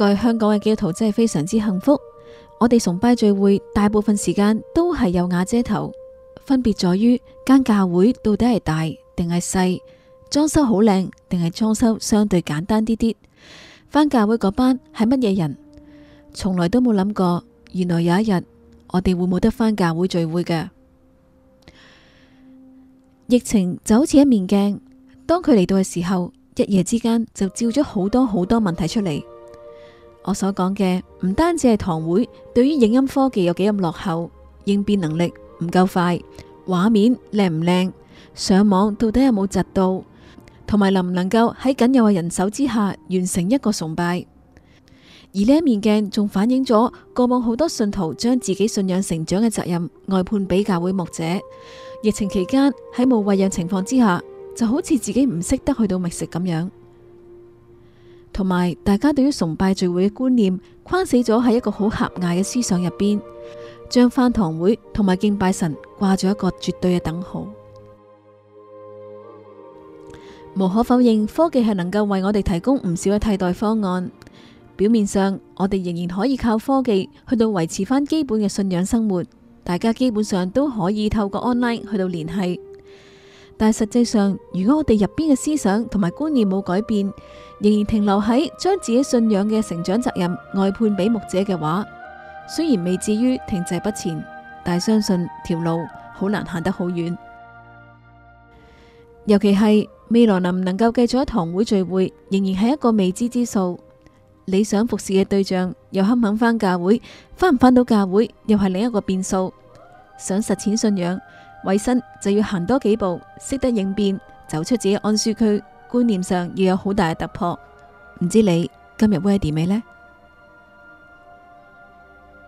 在香港嘅基督徒真係非常之幸福。我哋崇拜聚會大部分時間都係有瓦遮頭，分別在於間教會到底係大定係細，裝修好靚定係裝修相對簡單啲啲。返教會嗰班係乜嘢人？從來都冇諗過，原來有一日我哋會冇得返教會聚會㗎。疫情就好似一面鏡，當佢嚟到嘅時候，一夜之間就照咗好多好多問題出嚟。我所講嘅唔單止係堂會，對於影音科技有幾咁落後，應變能力唔夠快，畫面靚唔靚，上網到底有冇窒到，同埋能唔能夠喺僅有嘅人手之下完成一個崇拜。而呢一面鏡仲反映咗過往好多信徒將自己信仰成長嘅責任外判俾教會牧者。疫情期間喺冇餵養情況之下，就好似自己唔識得去到覓食咁樣。同埋，大家對於崇拜聚會嘅觀念框死咗喺一個好狹隘嘅思想入邊，將返堂會同埋敬拜神掛住一個絕對嘅等號。無可否認，科技係能夠為我哋提供唔少嘅替代方案。表面上，我哋仍然可以靠科技去到維持返基本嘅信仰生活。大家基本上都可以透過 online 去到聯繫。但係實際上，如果我哋入邊嘅思想同埋觀念冇改變，仍然停留喺將自己信仰嘅成長責任外判俾牧者嘅話，雖然未至於停滯不前，但相信條路好難行得好遠。尤其係未來能唔能夠繼續喺堂會聚會，仍然係一個未知之數。你想服侍嘅對象又肯唔肯返教會，返唔返到教會，又係另一個變數。想實踐信仰，為新就要行多幾步，識得應變，走出自己嘅安舒區，觀念上要有好大嘅突破。唔知你今日 ready 未呢？